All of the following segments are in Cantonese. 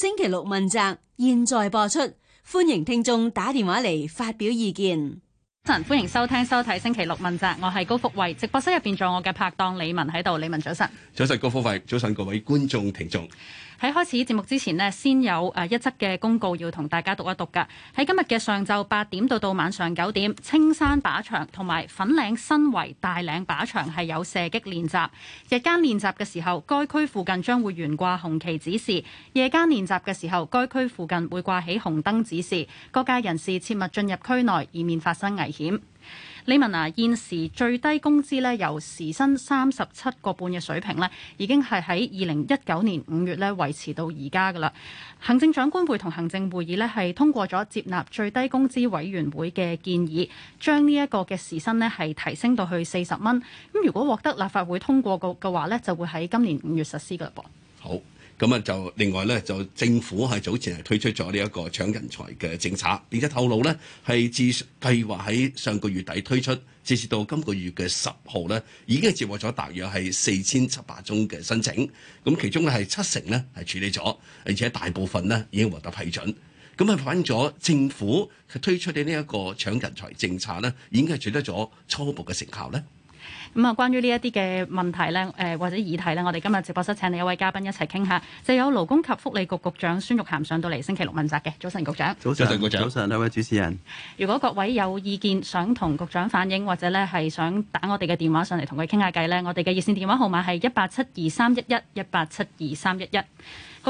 星期六問責，現在播出。歡迎聽眾打電話嚟發表意見。早晨，歡迎收聽收睇星期六問責，我係高福慧，直播室入邊仲有我嘅拍檔李文喺度，李文早晨。早晨高福慧，早晨各位觀眾聽眾。喺開始節目之前呢，先有誒一則嘅公告要同大家讀一讀㗎。喺今日嘅上晝八點到到晚上九點，青山靶場同埋粉嶺新圍大嶺靶場係有射擊練習。日間練習嘅時候，該區附近將會懸掛紅旗指示，夜間練習嘅時候，該區附近會掛起紅燈指示，各界人士切勿進入區內，以免發生危險。李文娜，現時最低工資咧由時薪三十七個半嘅水平咧，已經係喺二零一九年五月咧維持到而家噶啦。行政長官會同行政會議咧係通過咗接納最低工資委員會嘅建議，將呢一個嘅時薪咧係提升到去四十蚊。咁如果獲得立法會通過個嘅話咧，就會喺今年五月實施噶啦噃。好。咁啊，就另外咧，就政府係早前係推出咗呢一個搶人才嘅政策，而且透露咧係自計劃，喺上個月底推出，直至到今個月嘅十號咧，已經係接獲咗大約係四千七百宗嘅申請，咁其中咧係七成咧係處理咗，而且大部分呢，已經獲得批准。咁啊反映咗政府推出嘅呢一個搶人才政策咧，已經係取得咗初步嘅成效咧。咁啊，關於呢一啲嘅問題呢，誒、呃、或者議題呢，我哋今日直播室請嚟一位嘉賓一齊傾下，就有勞工及福利局局，局長孫玉菡上到嚟星期六問責嘅。早晨，局長，早晨，局長，早晨上兩上位主持人。如果各位有意見想同局長反映，或者咧係想打我哋嘅電話上嚟同佢傾下偈呢，我哋嘅熱線電話號碼係一八七二三一一一八七二三一一。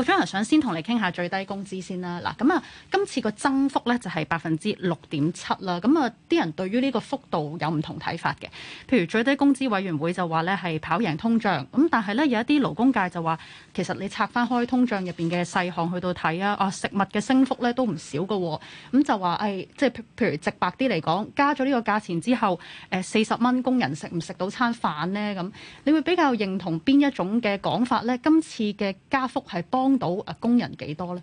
局長，我想先同你傾下最低工資先啦。嗱，咁啊，今次個增幅咧就係百分之六點七啦。咁啊，啲人對於呢個幅度有唔同睇法嘅。譬如最低工資委員會就話咧係跑贏通脹，咁但係咧有一啲勞工界就話其實你拆返開通脹入邊嘅細項去到睇啊，啊食物嘅升幅咧都唔少㗎喎。咁、啊、就話誒，即、哎、係譬如直白啲嚟講，加咗呢個價錢之後，誒四十蚊工人食唔食到餐飯咧？咁你會比較認同邊一種嘅講法咧？今次嘅加幅係幫幫到啊工人幾多咧？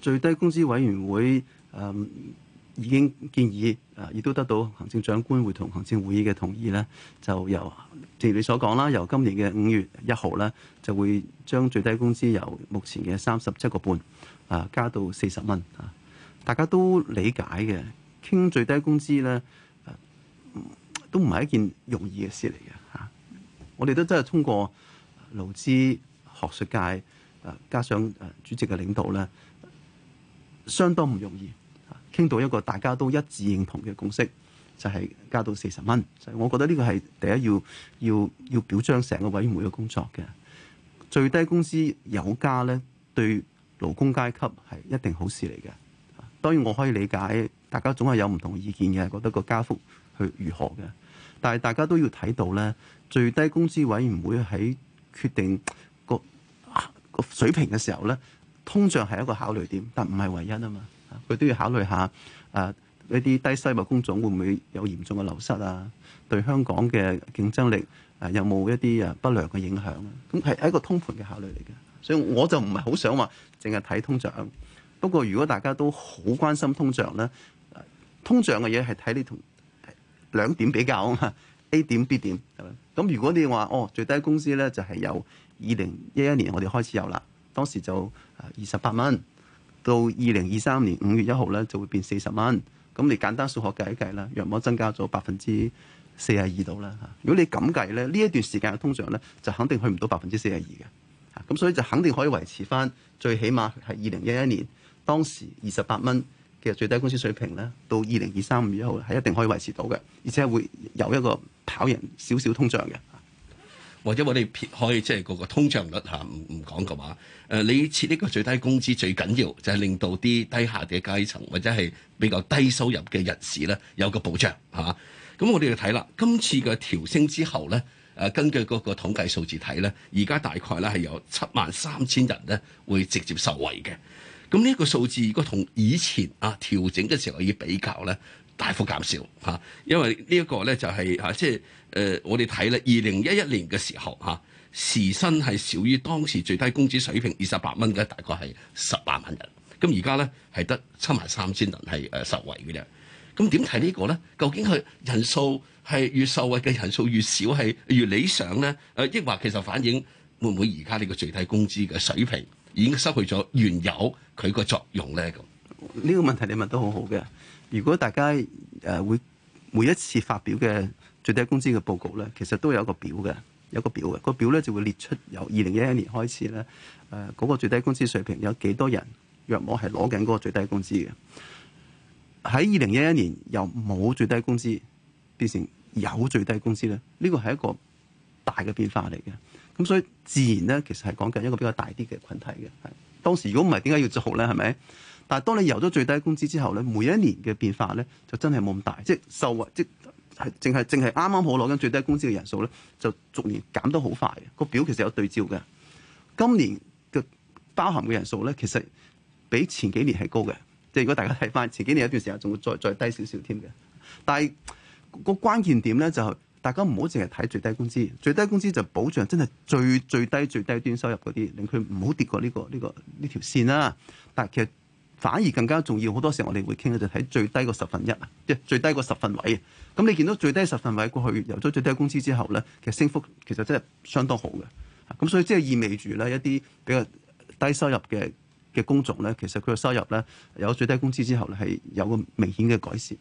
最低工資委員會誒、嗯、已經建議誒，亦、啊、都得到行政長官會同行政會議嘅同意咧，就由正如你所講啦，由今年嘅五月一號咧，就會將最低工資由目前嘅三十七個半啊加到四十蚊啊，大家都理解嘅，傾最低工資咧、啊、都唔係一件容易嘅事嚟嘅吓，我哋都真係通過勞資學術界，加上主席嘅領導咧，相當唔容易傾到一個大家都一致認同嘅共識，就係加到四十蚊。就係我覺得呢個係第一要要要表彰成個委員會嘅工作嘅。最低工資有加咧，對勞工階級係一定好事嚟嘅。當然我可以理解大家總係有唔同意見嘅，覺得個加幅去如何嘅。但係大家都要睇到咧，最低工資委員會喺決定水平嘅時候呢，通脹係一個考慮點，但唔係唯一啊嘛。佢都要考慮下誒一啲低薪工種會唔會有嚴重嘅流失啊？對香港嘅競爭力誒、呃、有冇一啲誒不良嘅影響啊？咁係一個通盤嘅考慮嚟嘅，所以我就唔係好想話淨係睇通脹。不過如果大家都好關心通脹呢、呃，通脹嘅嘢係睇你同兩點比較啊嘛。A 點 B 點咁如果你話哦最低工資呢就係、是、有。二零一一年我哋開始有啦，當時就二十八蚊，到二零二三年五月一號咧就會變四十蚊。咁你簡單數學計一計啦，約莫增加咗百分之四十二度啦嚇。如果你咁計咧，呢一段時間嘅通脹咧就肯定去唔到百分之四十二嘅嚇。咁所以就肯定可以維持翻，最起碼係二零一一年當時二十八蚊嘅最低工資水平咧，到二零二三五月一號係一定可以維持到嘅，而且會有一個跑贏少少通脹嘅。或者我哋撇開即係嗰個通脹率嚇，唔唔講嘅話，誒你設呢個最低工資最緊要就係令到啲低下嘅階層或者係比較低收入嘅人士咧有個保障嚇。咁我哋要睇啦，今次嘅調升之後咧，誒根據嗰個統計數字睇咧，而家大概咧係有七萬三千人咧會直接受惠嘅。咁呢一個數字如果同以前啊調整嘅時候可以比較咧？大幅減少嚇、啊，因為呢一個咧就係、是、嚇、啊，即係誒、呃，我哋睇咧，二零一一年嘅時候嚇、啊、時薪係少於當時最低工資水平二十八蚊嘅，大概係十八萬人。咁而家咧係得七萬三千人係誒受惠嘅啫。咁點睇呢個咧？究竟佢人數係越受惠嘅人數越少係越理想咧？誒、啊，抑或其實反映會唔會而家呢個最低工資嘅水平已經失去咗原有佢個作用咧？咁呢個問題你問得好好嘅。如果大家誒會、呃、每一次發表嘅最低工資嘅報告咧，其實都有一個表嘅，有個表嘅、個表咧就會列出由二零一一年開始咧誒嗰個最低工資水平，有幾多人若我係攞緊嗰個最低工資嘅，喺二零一一年由冇最低工資變成有最低工資咧，呢個係一個大嘅變化嚟嘅，咁所以自然咧其實係講緊一個比較大啲嘅群體嘅，係。當時如果唔係點解要做咧？係咪？但係當你由咗最低工資之後咧，每一年嘅變化咧，就真係冇咁大，即係受惠，即係淨係淨係啱啱好攞緊最低工資嘅人數咧，就逐年減得好快嘅。個表其實有對照嘅，今年嘅包含嘅人數咧，其實比前幾年係高嘅。即係如果大家睇翻前幾年一段時間仲會再再低少少添嘅，但係個關鍵點咧就係。大家唔好淨係睇最低工資，最低工資就保障真係最最低最低端收入嗰啲，令佢唔好跌過呢個呢個呢條線啦啊。但係其實反而更加重要，好多時候我哋會傾嘅就睇最低個十分一啊，即係最低個十分位啊。咁你見到最低十分位過去有咗最低工資之後咧，其實升幅其實真係相當好嘅。咁所以即係意味住咧，一啲比較低收入嘅嘅工種咧，其實佢嘅收入咧有最低工資之後咧係有個明顯嘅改善。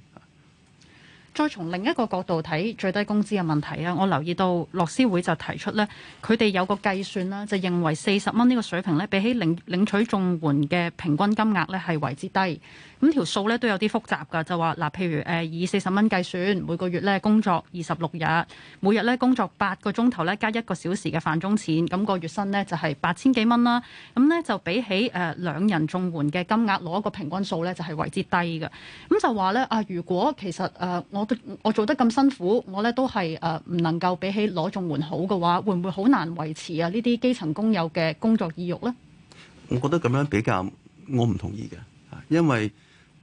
再從另一個角度睇最低工資嘅問題啊，我留意到樂施會就提出咧，佢哋有個計算啦，就認為四十蚊呢個水平咧，比起領領取綜援嘅平均金額咧，係為之低。咁條數咧都有啲複雜噶，就話嗱，譬如誒以四十蚊計算，每個月咧工作二十六日，每日咧工作八個鐘頭咧加一個小時嘅飯鐘錢，咁、那個月薪呢，就係八千幾蚊啦。咁咧就比起誒、呃、兩人綜援嘅金額攞一個平均數咧就係、是、為之低嘅。咁就話咧啊，如果其實誒、呃、我我做得咁辛苦，我咧都係誒唔能夠比起攞綜援好嘅話，會唔會好難維持啊？呢啲基層工友嘅工作意欲呢？我覺得咁樣比較，我唔同意嘅，因為。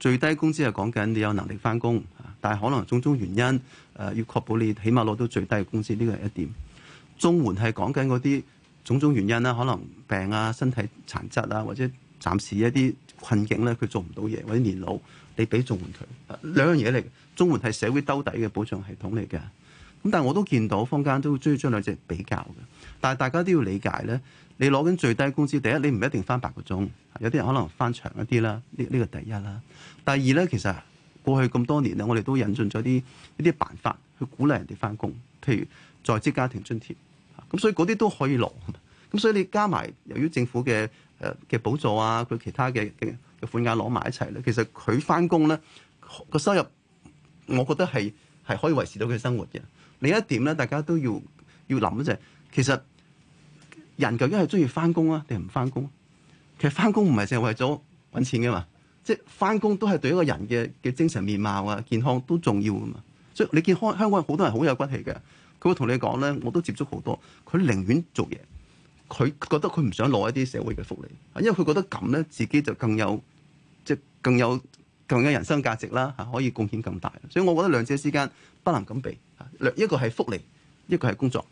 最低工資係講緊你有能力翻工，但係可能種種原因，誒、呃、要確保你起碼攞到最低嘅工資，呢個係一點。綜援係講緊嗰啲種種原因啦，可能病啊、身體殘疾啊，或者暫時一啲困境咧，佢做唔到嘢，或者年老，你俾綜援佢兩樣嘢嚟。綜援係社會兜底嘅保障系統嚟嘅。咁但係我都見到坊間都中意將兩隻比較嘅，但係大家都要理解咧，你攞緊最低工資，第一你唔一定翻八個鐘，有啲人可能翻長一啲啦，呢呢個第一啦。第二咧，其實過去咁多年咧，我哋都引進咗啲一啲辦法去鼓勵人哋翻工，譬如在職家庭津貼，咁、啊、所以嗰啲都可以攞。咁、啊、所以你加埋由於政府嘅誒嘅補助啊，佢其他嘅嘅款額攞埋一齊咧，其實佢翻工咧，個收入，我覺得係係可以維持到佢生活嘅。另一點咧，大家都要要諗嘅就係其實人究竟係中意翻工啊定唔翻工？其實翻工唔係淨係為咗揾錢嘅嘛。即係翻工都係對一個人嘅嘅精神面貌啊、健康都重要㗎嘛，所以你見香港人好多人好有骨氣嘅，佢會同你講咧，我都接觸好多，佢寧願做嘢，佢覺得佢唔想攞一啲社會嘅福利，因為佢覺得咁咧自己就更有即係更有更有人生價值啦，嚇可以貢獻更大，所以我覺得兩者之間不能咁比，兩一個係福利，一個係工作。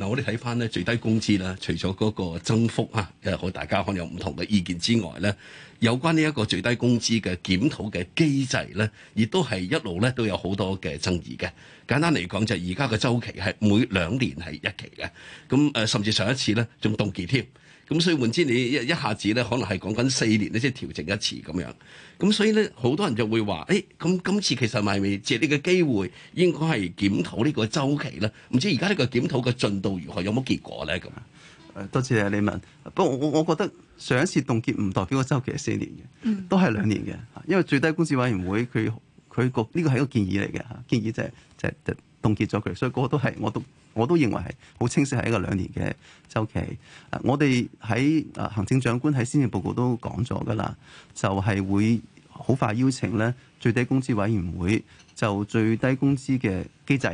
嗱，我哋睇翻咧最低工資啦，除咗嗰個增幅啊，即係大家可能有唔同嘅意見之外咧，有關呢一個最低工資嘅檢討嘅機制咧，亦都係一路咧都有好多嘅爭議嘅。簡單嚟講就係而家嘅周期係每兩年係一期嘅，咁誒甚至上一次咧仲凍結添。咁、嗯、所以換之你一一下子咧，可能係講緊四年咧，即係調整一次咁樣。咁所以咧，好多人就會話，誒、欸，咁今次其實咪借機個呢個機會，應該係檢討呢個周期咧。唔知而家呢個檢討嘅進度如何，有冇結果咧？咁啊，多謝啊，你問。不過我我覺得上一次凍結唔代表個周期係四年嘅，都係兩年嘅。因為最低工資委員會佢佢個呢個係、這個、一個建議嚟嘅吓，建議即係即係即係凍結咗佢，所以嗰個都係我都。我都認為係好清晰係一個兩年嘅周期。啊、我哋喺、啊、行政長官喺先前報告都講咗噶啦，就係、是、會好快邀請咧最低工資委員會就最低工資嘅機制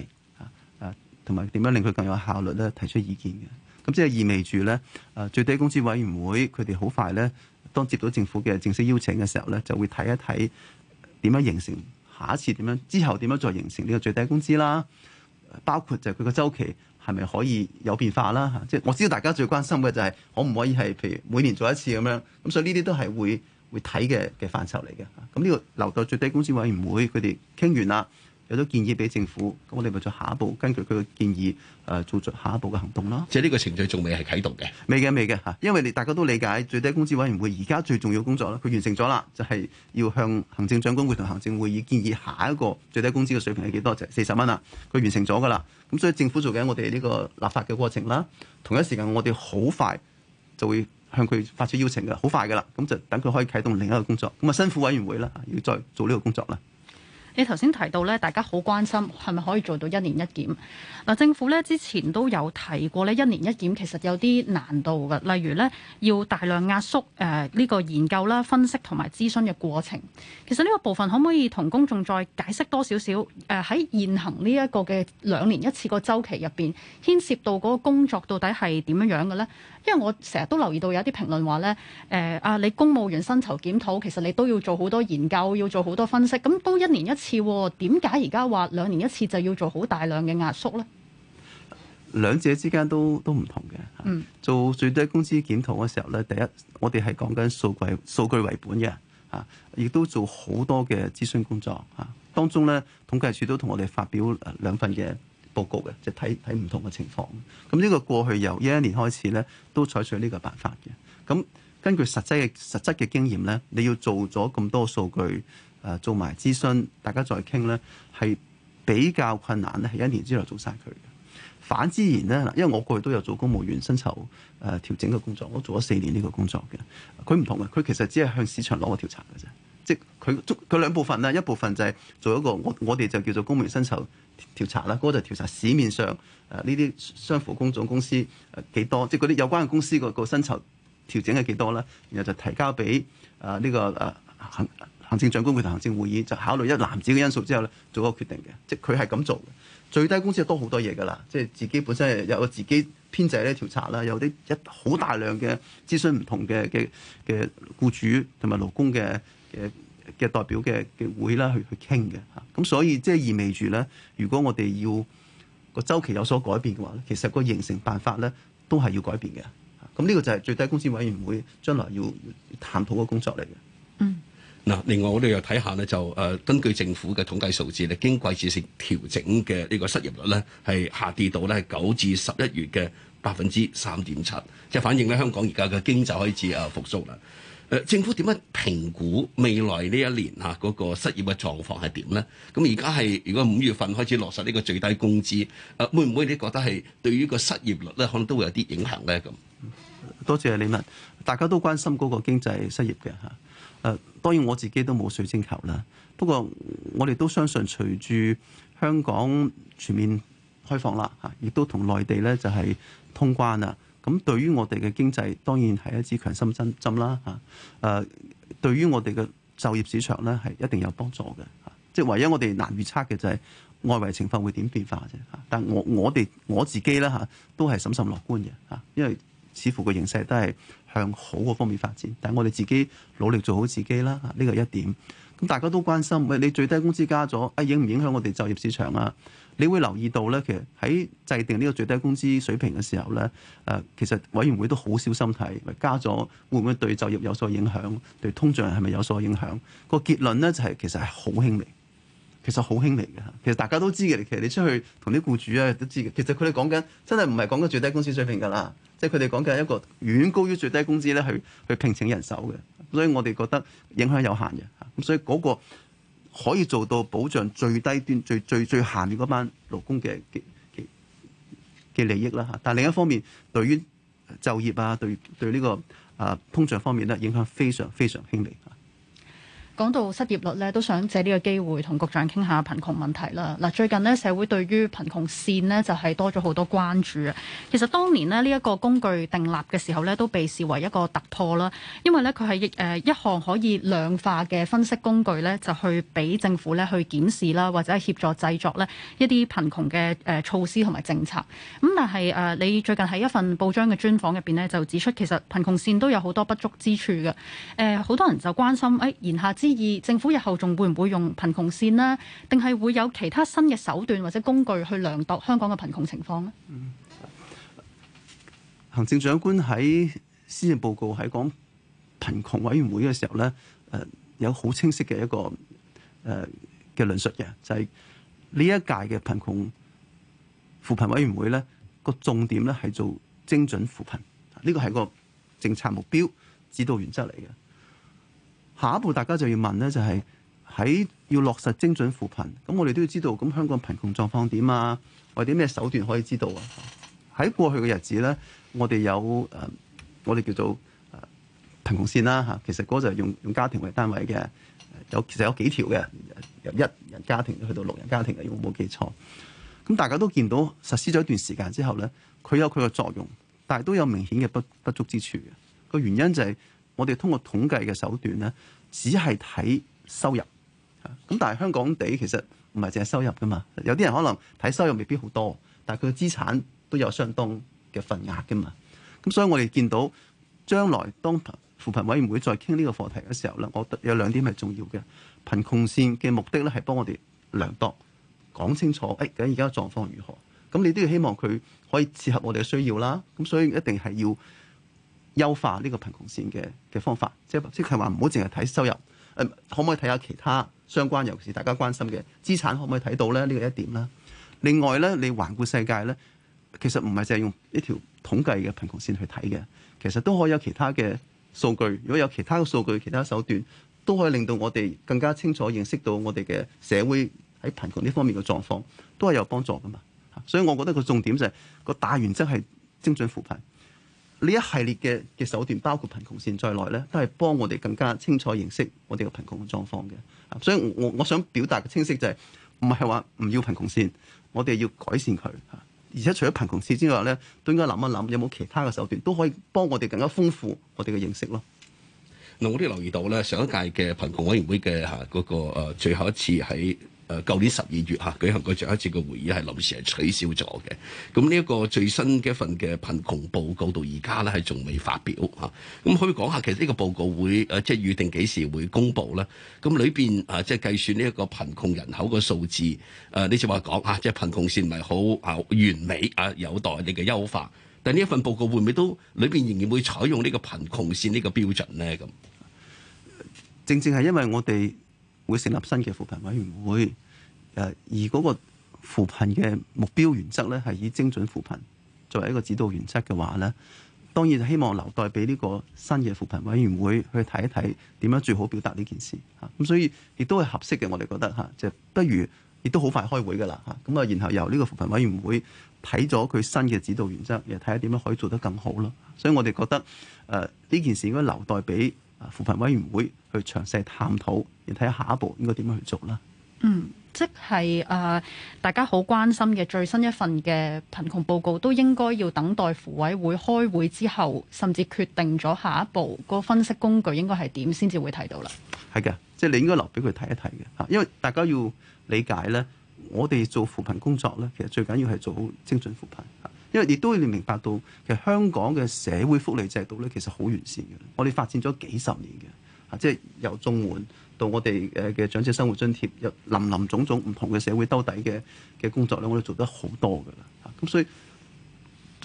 啊，同埋點樣令佢更有效率咧提出意見嘅。咁即係意味住咧，誒、啊、最低工資委員會佢哋好快咧，當接到政府嘅正式邀請嘅時候咧，就會睇一睇點樣形成下一次點樣之後點樣再形成呢個最低工資啦。包括就佢個週期係咪可以有變化啦？即係我知道大家最關心嘅就係可唔可以係譬如每年做一次咁樣，咁所以呢啲都係會會睇嘅嘅範疇嚟嘅。咁呢個留到最低工資委員會佢哋傾完啦。有咗建議俾政府，咁我哋咪再下一步根據佢嘅建議，誒、呃、做咗下一步嘅行動咯。即係呢個程序仲未係啟動嘅。未嘅，未嘅嚇，因為你大家都理解最低工資委員會而家最重要工作咧，佢完成咗啦，就係、是、要向行政長官會同行政會議建議下一個最低工資嘅水平係幾多，就係四十蚊啦。佢完成咗噶啦，咁所以政府做緊我哋呢個立法嘅過程啦。同一時間我哋好快就會向佢發出邀請嘅，好快噶啦，咁就等佢可以啟動另一個工作。咁啊，辛苦委員會啦，要再做呢個工作啦。你頭先提到咧，大家好關心係咪可以做到一年一檢？嗱，政府咧之前都有提過咧，一年一檢其實有啲難度嘅，例如咧要大量壓縮誒呢個研究啦、分析同埋諮詢嘅過程。其實呢個部分可唔可以同公眾再解釋多少少？誒喺現行呢一個嘅兩年一次個週期入邊，牽涉到嗰個工作到底係點樣樣嘅咧？因為我成日都留意到有啲評論話咧，誒、呃、啊，你公務員薪酬檢討其實你都要做好多研究，要做好多分析，咁都一年一次，點解而家話兩年一次就要做好大量嘅壓縮咧？兩者之間都都唔同嘅。嗯，做最低工資檢討嘅時候咧，第一我哋係講緊數據數據為本嘅，啊，亦都做好多嘅諮詢工作啊。當中咧統計處都同我哋發表兩份嘅。報告嘅，即係睇睇唔同嘅情況。咁呢個過去由一一年開始咧，都採取呢個辦法嘅。咁根據實際嘅實質嘅經驗咧，你要做咗咁多數據，誒、啊、做埋諮詢，大家再傾咧，係比較困難咧，係一年之內做晒佢嘅。反之然咧，嗱，因為我過去都有做公務員薪酬誒、啊、調整嘅工作，我做咗四年呢個工作嘅。佢唔同嘅，佢其實只係向市場攞個調查嘅啫，即係佢中佢兩部分啦，一部分就係做一個我我哋就叫做公務員薪酬，調查啦，嗰、那個就調查市面上誒呢啲雙扶工種公司誒幾、啊、多，即係嗰啲有關嘅公司個薪酬調整係幾多啦？然後就提交俾誒呢個誒、啊、行行政長官會同行政會議就考慮一籃子嘅因素之後咧，做個決定嘅，即係佢係咁做嘅。最低工資多好多嘢㗎啦，即係自己本身係有個自己編制嘅調查啦，有啲一好大量嘅諮詢唔同嘅嘅嘅僱主同埋勞工嘅嘅。嘅代表嘅嘅會啦去去傾嘅嚇。咁所以即係意味住咧，如果我哋要個周期有所改變嘅話咧，其實個形成辦法咧都係要改變嘅。咁呢個就係最低工資委員會將來要，要探討嘅工作嚟嘅。嗯，嗱，另外我哋又睇下咧，就誒根據政府嘅統計數字咧，經季節性調整嘅呢個失業率咧係下跌到咧九至十一月嘅百分之三點七，即係反映咧香港而家嘅經濟開始啊復甦啦。誒政府點樣評估未來呢一年嚇嗰個失業嘅狀況係點咧？咁而家係如果五月份開始落實呢個最低工資，誒會唔會你覺得係對於個失業率咧，可能都會有啲影響咧？咁多謝你問，大家都關心嗰個經濟失業嘅嚇。誒當然我自己都冇水晶球啦，不過我哋都相信隨住香港全面開放啦嚇，亦都同內地咧就係通關啦。咁、嗯、對於我哋嘅經濟，當然係一支強心針針啦嚇。誒、啊，對於我哋嘅就業市場咧，係一定有幫助嘅嚇、啊。即係唯一我哋難預測嘅就係外圍情況會點變化啫嚇、啊。但我我哋我自己啦嚇、啊，都係審慎樂觀嘅嚇、啊，因為似乎個形勢都係向好個方面發展。但係我哋自己努力做好自己啦，呢、啊這個一點。咁、啊、大家都關心，喂、哎，你最低工資加咗、啊，影唔影響我哋就業市場啊？你會留意到咧，其實喺制定呢個最低工資水平嘅時候咧，誒，其實委員會都好小心睇，加咗會唔會對就業有所影響，對通脹係咪有所影響？個結論咧就係其實係好輕微，其實好輕微嘅。其實大家都知嘅，其實你出去同啲僱主啊都知嘅。其實佢哋講緊真係唔係講緊最低工資水平㗎啦，即係佢哋講緊一個遠高於最低工資咧去去聘請人手嘅。所以我哋覺得影響有限嘅嚇。咁所以嗰個，可以做到保障最低端、最最最下面班勞工嘅嘅嘅嘅利益啦吓，但另一方面對於就業啊、對對呢個啊通脹方面咧影響非常非常輕微。講到失業率咧，都想借呢個機會同局長傾下貧窮問題啦。嗱，最近呢，社會對於貧窮線呢，就係、是、多咗好多關注啊。其實當年呢，呢、這、一個工具訂立嘅時候呢，都被視為一個突破啦，因為呢，佢係誒一項可以量化嘅分析工具呢，就去俾政府呢去檢視啦，或者協助製作呢一啲貧窮嘅誒、呃、措施同埋政策。咁但係誒、呃、你最近喺一份報章嘅專訪入邊呢，就指出其實貧窮線都有好多不足之處嘅。誒、呃、好多人就關心誒，現、哎、下二，政府日後仲會唔會用貧窮線呢？定係會有其他新嘅手段或者工具去量度香港嘅貧窮情況咧？行政長官喺施政報告喺講貧窮委員會嘅時候咧，誒有好清晰嘅一個誒嘅論述嘅，就係呢一屆嘅貧窮扶貧委員會咧個重點咧係做精準扶貧，呢個係個政策目標指導原則嚟嘅。下一步大家就要問咧，就係喺要落實精準扶貧，咁我哋都要知道，咁香港貧窮狀況點啊？或者咩手段可以知道啊？喺過去嘅日子咧，我哋有誒、呃，我哋叫做誒貧窮線啦嚇、啊。其實嗰就係用用家庭為單位嘅，有其實有幾條嘅，由一人家庭去到六人家庭嘅，有冇記錯？咁大家都見到實施咗一段時間之後咧，佢有佢嘅作用，但係都有明顯嘅不不足之處嘅。個原因就係、是。我哋通過統計嘅手段咧，只係睇收入，咁但係香港地其實唔係淨係收入噶嘛，有啲人可能睇收入未必好多，但係佢嘅資產都有相當嘅份額噶嘛。咁所以我哋見到將來當扶貧委員會再傾呢個課題嘅時候咧，我覺得有兩點係重要嘅。貧窮線嘅目的咧係幫我哋量度，講清楚誒究竟而家狀況如何。咁你都要希望佢可以切合我哋嘅需要啦。咁所以一定係要。優化呢個貧窮線嘅嘅方法，即係即係話唔好淨係睇收入，誒可唔可以睇下其他相關，尤其是大家關心嘅資產，可唔可以睇到咧？呢個一點啦。另外咧，你環顧世界咧，其實唔係淨係用一條統計嘅貧窮線去睇嘅，其實都可以有其他嘅數據。如果有其他嘅數據，其他手段都可以令到我哋更加清楚認識到我哋嘅社會喺貧窮呢方面嘅狀況，都係有幫助㗎嘛。所以我覺得個重點就係、是、個大原則係精準扶貧。呢一系列嘅嘅手段，包括貧窮線在內咧，都係幫我哋更加清楚認識我哋嘅貧窮嘅狀況嘅。啊，所以我我想表達嘅清晰就係、是，唔係話唔要貧窮線，我哋要改善佢。嚇，而且除咗貧窮線之外咧，都應該諗一諗有冇其他嘅手段都可以幫我哋更加豐富我哋嘅認識咯。嗱，我都留意到咧，上一屆嘅貧窮委員會嘅嚇嗰個誒最後一次喺。誒，舊年十二月嚇舉行過最後一次嘅會議，係臨時係取消咗嘅。咁呢一個最新嘅一份嘅貧窮報告到而家咧，係仲未發表嚇。咁、啊、可，可以講下，其實呢個報告會誒，即係預定幾時會公佈咧？咁裏邊啊，即係、啊、計算呢一個貧窮人口個數字。誒、啊，你先話講嚇，即係貧窮線唔係好啊完美啊，有待你嘅優化。但呢一份報告會唔會都裏邊仍然會採用呢個貧窮線呢個標準咧？咁正正係因為我哋。會成立新嘅扶貧委員會，誒，而嗰個扶貧嘅目標原則咧，係以精準扶貧作為一個指導原則嘅話咧，當然希望留待俾呢個新嘅扶貧委員會去睇一睇，點樣最好表達呢件事吓，咁所以亦都係合適嘅，我哋覺得吓，就不如亦都好快開會噶啦吓，咁啊，然後由呢個扶貧委員會睇咗佢新嘅指導原則，又睇下點樣可以做得更好咯，所以我哋覺得誒呢件事應該留待俾。扶貧委員會去詳細探討，而睇下下一步應該點樣去做啦。嗯，即係誒、呃，大家好關心嘅最新一份嘅貧窮報告，都應該要等待扶委會開會之後，甚至決定咗下一步個分析工具應該係點，先至會提到啦。係嘅，即係你應該留俾佢睇一睇嘅吓，因為大家要理解咧，我哋做扶貧工作咧，其實最緊要係做好精準扶貧。因為亦都要明白到其實香港嘅社會福利制度咧，其實好完善嘅。我哋發展咗幾十年嘅，啊，即係由綜援到我哋誒嘅長者生活津貼，有林林種種唔同嘅社會兜底嘅嘅工作咧，我哋做得好多㗎啦。啊，咁所以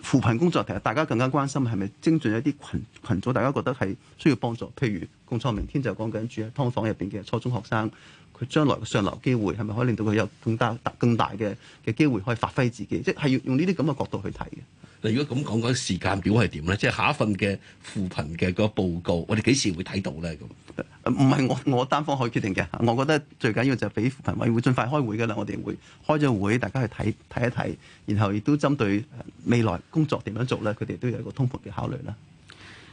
扶貧工作其實大家更加關心係咪精準一啲群群組，大家覺得係需要幫助，譬如。共創明天就講緊住喺劏房入邊嘅初中學生，佢將來嘅上流機會係咪可以令到佢有更大、更大嘅嘅機會可以發揮自己？即係要用呢啲咁嘅角度去睇嘅。嗱，如果咁講，講時間表係點咧？即係下一份嘅扶貧嘅個報告，我哋幾時會睇到咧？咁唔係我我單方可以決定嘅。我覺得最緊要就係俾扶貧委會盡快開會㗎啦。我哋會開咗會，大家去睇睇一睇，然後亦都針對未來工作點樣做咧，佢哋都有一個通盤嘅考慮啦。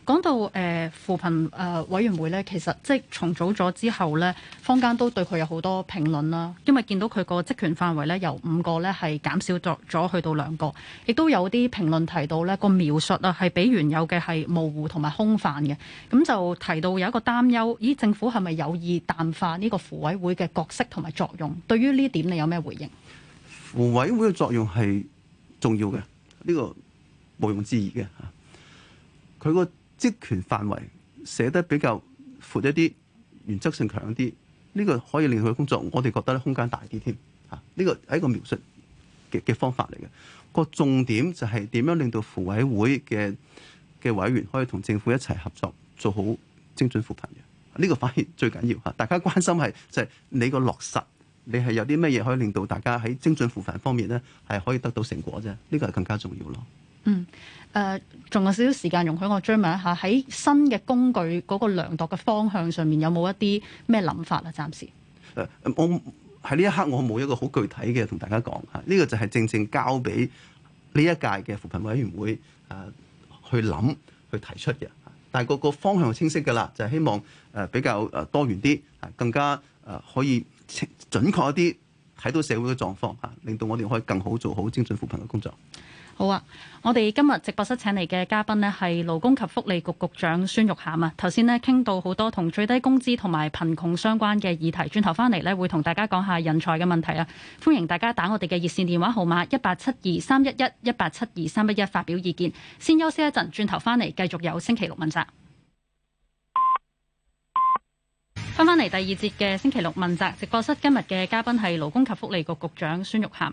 講到誒、呃、扶貧誒委員會咧，其實即係重組咗之後咧，坊間都對佢有好多評論啦。因為見到佢個職權範圍咧由五個咧係減少咗，咗去到兩個，亦都有啲評論提到咧個描述啊係比原有嘅係模糊同埋空泛嘅。咁就提到有一個擔憂，咦政府係咪有意淡化呢個扶委會嘅角色同埋作用？對於呢點你有咩回應？扶委會嘅作用係重要嘅，呢、呢個毋庸置疑嘅。佢個職權範圍寫得比較闊一啲，原則性強啲，呢個可以令佢工作，我哋覺得咧空間大啲添。嚇，呢個係一個描述嘅嘅方法嚟嘅。個重點就係點樣令到扶委會嘅嘅委員可以同政府一齊合作，做好精準扶貧嘅。呢個反而最緊要嚇，大家關心係就係你個落實，你係有啲咩嘢可以令到大家喺精準扶貧方面咧係可以得到成果啫？呢個係更加重要咯。嗯，誒，仲有少少時間容許我追問一下，喺新嘅工具嗰個量度嘅方向上面，有冇一啲咩諗法啊？暫時，誒，我喺呢一刻我冇一個好具體嘅同大家講吓，呢、啊這個就係正正交俾呢一屆嘅扶貧委員會誒、啊、去諗去提出嘅、啊，但係個個方向清晰㗎喇，就係、是、希望誒、啊、比較誒多元啲、啊，更加誒、啊、可以準確一啲睇到社會嘅狀況吓、啊，令到我哋可以更好做好精準扶貧嘅工作。好啊！我哋今日直播室請嚟嘅嘉賓呢係勞工及福利局局長孫玉菡啊！頭先呢傾到好多同最低工資同埋貧窮相關嘅議題，轉頭翻嚟呢會同大家講下人才嘅問題啊！歡迎大家打我哋嘅熱線電話號碼一八七二三一一一八七二三一一發表意見。先休息一陣，轉頭翻嚟繼續有星期六問責。翻返嚟第二節嘅星期六問責直播室，今日嘅嘉賓係勞工及福利局局，局長孫玉菡。誒、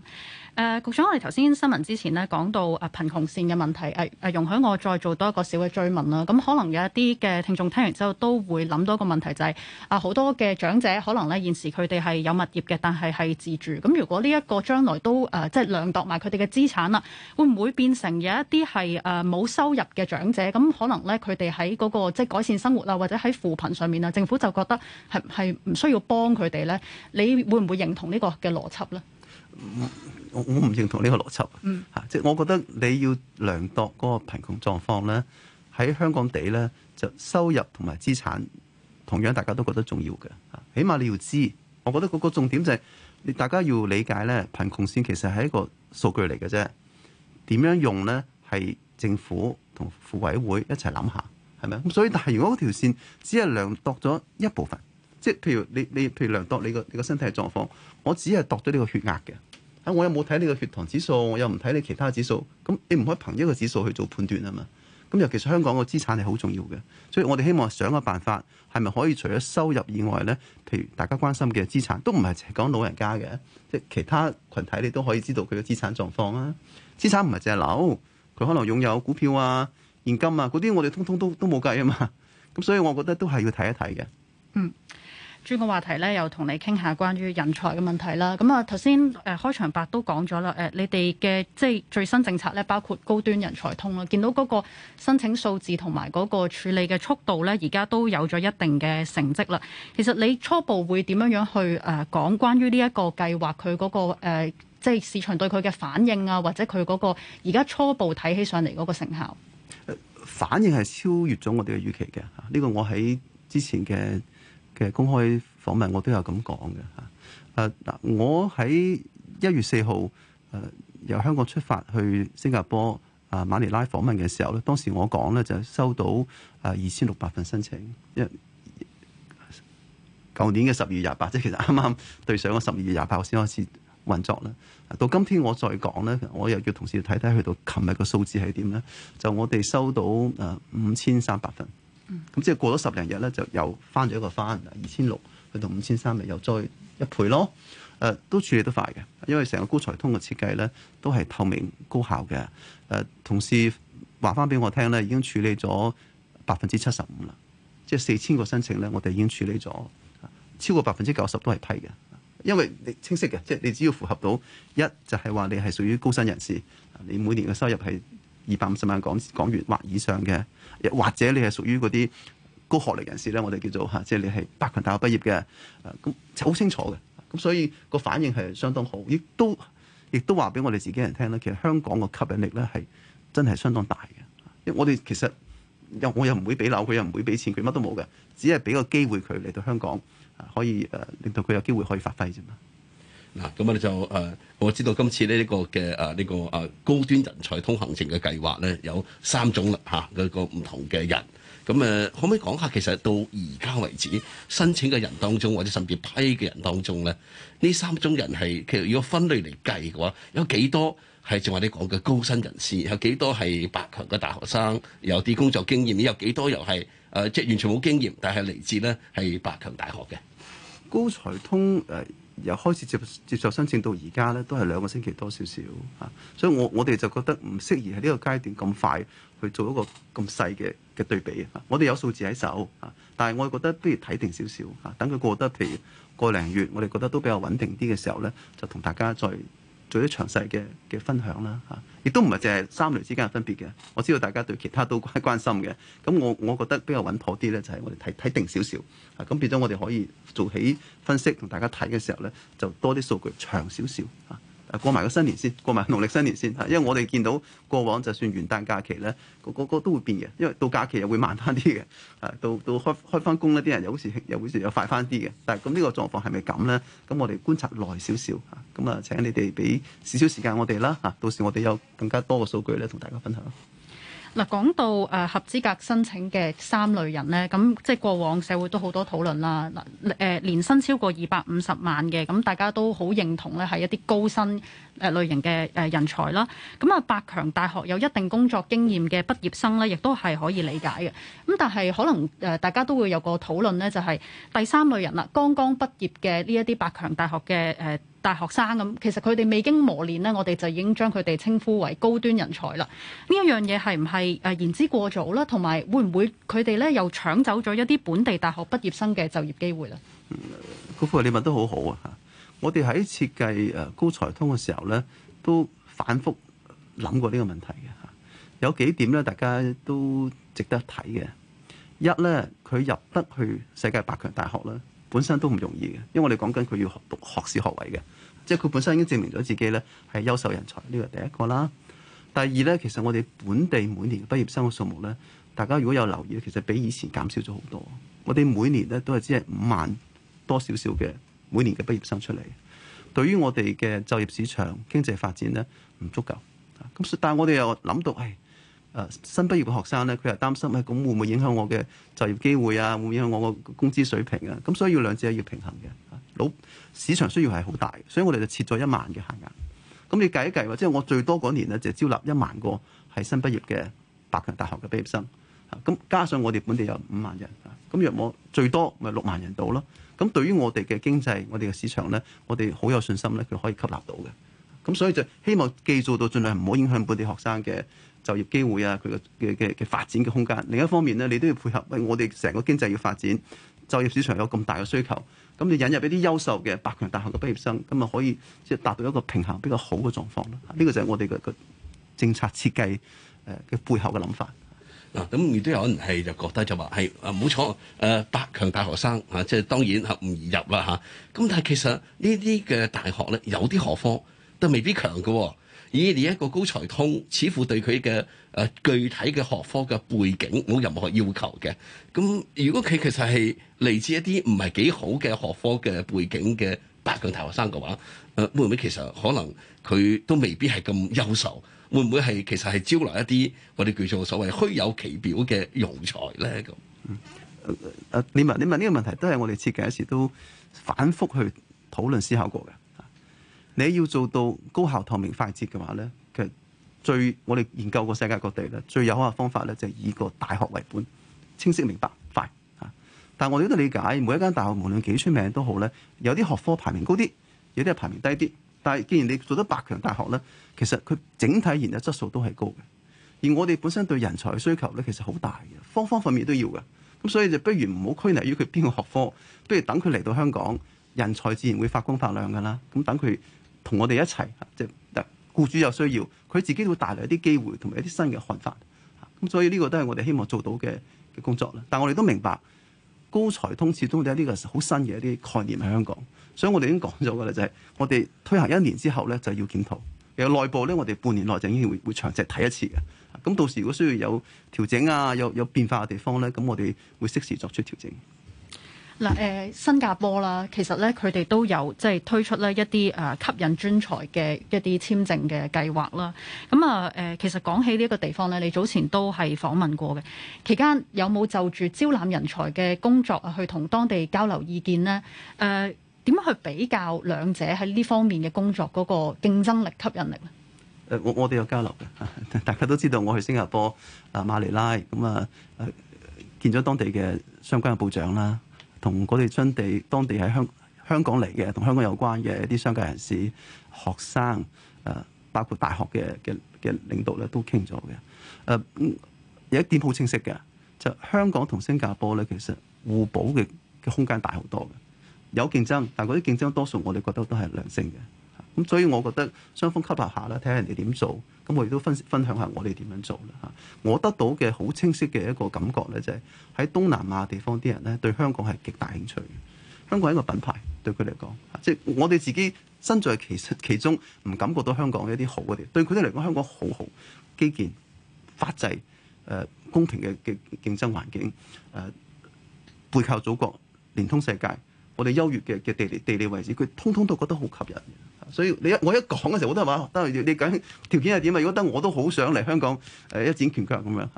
呃、局長，我哋頭先新聞之前呢講到誒貧窮線嘅問題，誒、啊、誒容許我再做多一個小嘅追問啦。咁、啊、可能有一啲嘅聽眾聽完之後都會諗到一個問題，就係、是、啊好多嘅長者可能呢現時佢哋係有物業嘅，但係係自住。咁、啊、如果呢一個將來都誒即係量度埋佢哋嘅資產啦，會唔會變成有一啲係誒冇收入嘅長者？咁、啊、可能呢，佢哋喺嗰個即係改善生活啊，或者喺扶貧上面啊，政府就覺得。係係唔需要幫佢哋咧？你會唔會認同呢個嘅邏輯咧？我我唔認同呢個邏輯。嗯，嚇，即係我覺得你要量度嗰個貧窮狀況咧，喺香港地咧就收入同埋資產同樣大家都覺得重要嘅。嚇，起碼你要知。我覺得嗰個重點就係、是、你大家要理解咧，貧窮線其實係一個數據嚟嘅啫。點樣用咧？係政府同扶委會一齊諗下。所以，但係如果嗰條線只係量度咗一部分，即係譬如你你譬如量度你個你個身體狀況，我只係度咗你個血壓嘅。啊，我又冇睇你個血糖指數，我又唔睇你其他指數。咁你唔可以憑一個指數去做判斷啊嘛。咁尤其是香港個資產係好重要嘅，所以我哋希望想個辦法，係咪可以除咗收入以外咧？譬如大家關心嘅資產，都唔係淨係講老人家嘅，即係其他群體你都可以知道佢嘅資產狀況啊。資產唔係淨係樓，佢可能擁有股票啊。現金啊！嗰啲我哋通通都都冇計啊嘛。咁所以，我覺得都係要睇一睇嘅。嗯，轉個話題咧，又同你傾下關於人才嘅問題啦。咁、嗯、啊，頭先誒開場白都講咗啦。誒、呃，你哋嘅即係最新政策咧，包括高端人才通啦，見到嗰個申請數字同埋嗰個處理嘅速度咧，而家都有咗一定嘅成績啦。其實你初步會點樣樣去誒講、呃、關於呢一個計劃佢嗰、嗰個、呃、即係市場對佢嘅反應啊，或者佢嗰個而家初步睇起上嚟嗰個成效？反應係超越咗我哋嘅預期嘅，呢個我喺之前嘅嘅公開訪問我都有咁講嘅嚇。誒、啊、嗱，我喺一月四號誒由香港出發去新加坡啊馬尼拉訪問嘅時候咧，當時我講咧就收到啊二千六百份申請，一舊年嘅十二月廿八，即係其實啱啱對上個十二月廿八，我先開始，運作咧，到今天我再講咧，我又叫同事睇睇去到琴日個數字係點咧？就我哋收到誒五千三百份，咁、呃、即係過咗十零日咧，就又翻咗一個番，二千六去到五千三，咪又再一倍咯？誒、呃，都處理得快嘅，因為成個高才通嘅設計咧，都係透明高效嘅。誒、呃，同事話翻俾我聽咧，已經處理咗百分之七十五啦，即係四千個申請咧，我哋已經處理咗超過百分之九十都係批嘅。因為你清晰嘅，即係你只要符合到一就係話你係屬於高薪人士，你每年嘅收入係二百五十萬港港元或以上嘅，或者你係屬於嗰啲高學歷人士咧，我哋叫做嚇，即係你係百強大學畢業嘅，咁好清楚嘅，咁所以個反應係相當好，亦都亦都話俾我哋自己人聽咧，其實香港個吸引力咧係真係相當大嘅，因為我哋其實又我又唔會俾樓，佢又唔會俾錢，佢乜都冇嘅，只係俾個機會佢嚟到香港。可以誒，令到佢有機會可以發揮啫嘛。嗱，咁啊，就誒，我知道今次咧、呢、呢個嘅誒呢個誒高端人才通行證嘅計劃咧，有三種啦嚇，個個唔同嘅人。咁誒，可唔可以講下其實到而家為止申請嘅人當中，或者甚至批嘅人當中咧，呢三種人係其實如果分類嚟計嘅話，有幾多係正話你講嘅高薪人士，有幾多係百強嘅大學生，有啲工作經驗，有幾多又係？誒，即係完全冇經驗，但係嚟自咧係百強大學嘅高才通誒、呃，由開始接接受申請到而家咧，都係兩個星期多少少嚇，所以我我哋就覺得唔適宜喺呢個階段咁快去做一個咁細嘅嘅對比啊。我哋有數字喺手嚇、啊，但係我覺得不如睇定少少嚇，等佢過得譬如個零月，我哋覺得都比較穩定啲嘅時候咧，就同大家再做啲詳細嘅嘅分享啦嚇，亦都唔係淨係三類之間嘅分別嘅。我知道大家對其他都關關心嘅。咁我我覺得比較穩妥啲咧，就係我哋睇睇定少少嚇，咁變咗我哋可以做起分析同大家睇嘅時候咧，就多啲數據長少少嚇。啊過埋個新年先，過埋農曆新年先吓，因為我哋見到過往就算元旦假期咧，個個個都會變嘅，因為到假期又會慢翻啲嘅，吓到到開開翻工咧，啲人又好似又好似又快翻啲嘅。但係咁呢個狀況係咪咁咧？咁我哋觀察耐少少吓，咁啊，請你哋俾少少時間我哋啦吓，到時我哋有更加多嘅數據咧，同大家分享。嗱，講到誒合資格申請嘅三類人呢，咁即係過往社會都好多討論啦。嗱，誒年薪超過二百五十萬嘅，咁大家都好認同咧，係一啲高薪誒類型嘅誒人才啦。咁啊，百強大學有一定工作經驗嘅畢業生呢，亦都係可以理解嘅。咁但係可能誒，大家都會有個討論呢，就係第三類人啦，剛剛畢業嘅呢一啲百強大學嘅誒。大學生咁，其實佢哋未經磨練呢，我哋就已經將佢哋稱呼為高端人才啦。呢一樣嘢係唔係誒言之過早啦？同埋會唔會佢哋咧又搶走咗一啲本地大學畢業生嘅就業機會咧？高、嗯、副，你問得好好啊！我哋喺設計誒高才通嘅時候咧，都反覆諗過呢個問題嘅嚇。有幾點咧，大家都值得睇嘅。一咧，佢入得去世界百強大學啦。本身都唔容易嘅，因為我哋講緊佢要讀學士學位嘅，即係佢本身已經證明咗自己咧，係優秀人才，呢個第一個啦。第二咧，其實我哋本地每年嘅畢業生嘅數目咧，大家如果有留意，其實比以前減少咗好多。我哋每年咧都係只係五萬多多少少嘅每年嘅畢業生出嚟，對於我哋嘅就業市場經濟發展咧唔足夠。咁但係我哋又諗到，誒、哎。誒新畢業嘅學生咧，佢又擔心，係、啊、咁會唔會影響我嘅就業機會啊？會唔會影響我個工資水平啊？咁所以要兩者要平衡嘅。老市場需要係好大，所以我哋就設咗一萬嘅限額。咁你計一計，即係我最多嗰年咧就招納一萬個係新畢業嘅百強大學嘅畢業生嚇。咁加上我哋本地有五萬人，咁若我最多咪六萬人到咯。咁對於我哋嘅經濟，我哋嘅市場咧，我哋好有信心咧，佢可以吸納到嘅。咁所以就希望記做到盡量唔好影響本地學生嘅。就業機會啊，佢嘅嘅嘅發展嘅空間。另一方面咧，你都要配合喂，我哋成個經濟要發展，就業市場有咁大嘅需求，咁你引入一啲優秀嘅百強大學嘅畢業生，咁啊可以即係達到一個平衡比較好嘅狀況啦。呢、這個就係我哋嘅嘅政策設計誒嘅背後嘅諗法。嗱、嗯，咁亦都有人係就覺得就話係啊冇錯，誒百、呃、強大學生啊，即係當然合唔入啦嚇。咁、啊、但係其實呢啲嘅大學咧，有啲學科都未必強嘅喎、啊。以你一個高才通，似乎對佢嘅誒具體嘅學科嘅背景冇任何要求嘅。咁、嗯、如果佢其實係嚟自一啲唔係幾好嘅學科嘅背景嘅百強大學生嘅話，誒、呃、會唔會其實可能佢都未必係咁優秀？會唔會係其實係招來一啲我哋叫做所謂虛有其表嘅庸才咧？咁，嗯，誒、呃、你問你問呢個問題，都係我哋設計時都反覆去討論思考過嘅。你要做到高效透明快捷嘅話咧，其實最我哋研究過世界各地咧，最有效方法咧就係以個大學為本，清晰明白快嚇。但係我哋都理解，每一間大學無論幾出名都好咧，有啲學科排名高啲，有啲係排名低啲。但係既然你做得百強大學咧，其實佢整體研究質素都係高嘅。而我哋本身對人才嘅需求咧，其實好大嘅，方方面面都要嘅。咁所以就不如唔好拘泥於佢邊個學科，不如等佢嚟到香港，人才自然會發光發亮噶啦。咁等佢。同我哋一齊，即係僱主有需要，佢自己會帶來一啲機會，同埋一啲新嘅看法。咁所以呢個都係我哋希望做到嘅嘅工作啦。但係我哋都明白，高才通始終都係呢個好新嘅一啲概念喺香港。所以我哋已經講咗噶啦，就係我哋推行一年之後咧，就要檢討。其實內部咧，我哋半年內就已經會會詳細睇一次嘅。咁到時如果需要有調整啊，有有變化嘅地方咧，咁我哋會適時作出調整。嗱誒、呃、新加坡啦，其實咧佢哋都有即係推出咧一啲誒、呃、吸引專才嘅一啲簽證嘅計劃啦。咁啊誒，其實講起呢一個地方咧，你早前都係訪問過嘅。期間有冇就住招攬人才嘅工作啊，去同當地交流意見咧？誒點樣去比較兩者喺呢方面嘅工作嗰、那個競爭力吸引力咧？誒我我哋有交流嘅，大家都知道我去新加坡啊馬尼拉咁、嗯、啊，見咗當地嘅相關嘅部長啦。同我哋將地當地喺香香港嚟嘅，同香港有關嘅一啲商界人士、學生，誒、呃、包括大學嘅嘅嘅領導咧，都傾咗嘅。誒有一點好清晰嘅，就是、香港同新加坡咧，其實互補嘅嘅空間大好多嘅，有競爭，但嗰啲競爭多數我哋覺得都係良性嘅。咁所以，我覺得雙方吸納下啦，睇下人哋點做。咁我亦都分分享下我哋點樣做啦嚇。我得到嘅好清晰嘅一個感覺咧、就是，就係喺東南亞地方啲人咧，對香港係極大興趣。香港係一個品牌，對佢嚟講，即、就、係、是、我哋自己身在其中其中，唔感覺到香港一啲好嘅嘢。對佢哋嚟講香港好好基建、法制、誒、呃、公平嘅嘅競爭環境、誒、呃、背靠祖國、連通世界，我哋優越嘅嘅地理地理位置，佢通通都覺得好吸引。所以你一我一講嘅時候，我都話得，你究竟條件係點啊？如果得，我都好想嚟香港誒、呃、一展拳腳咁樣嚇。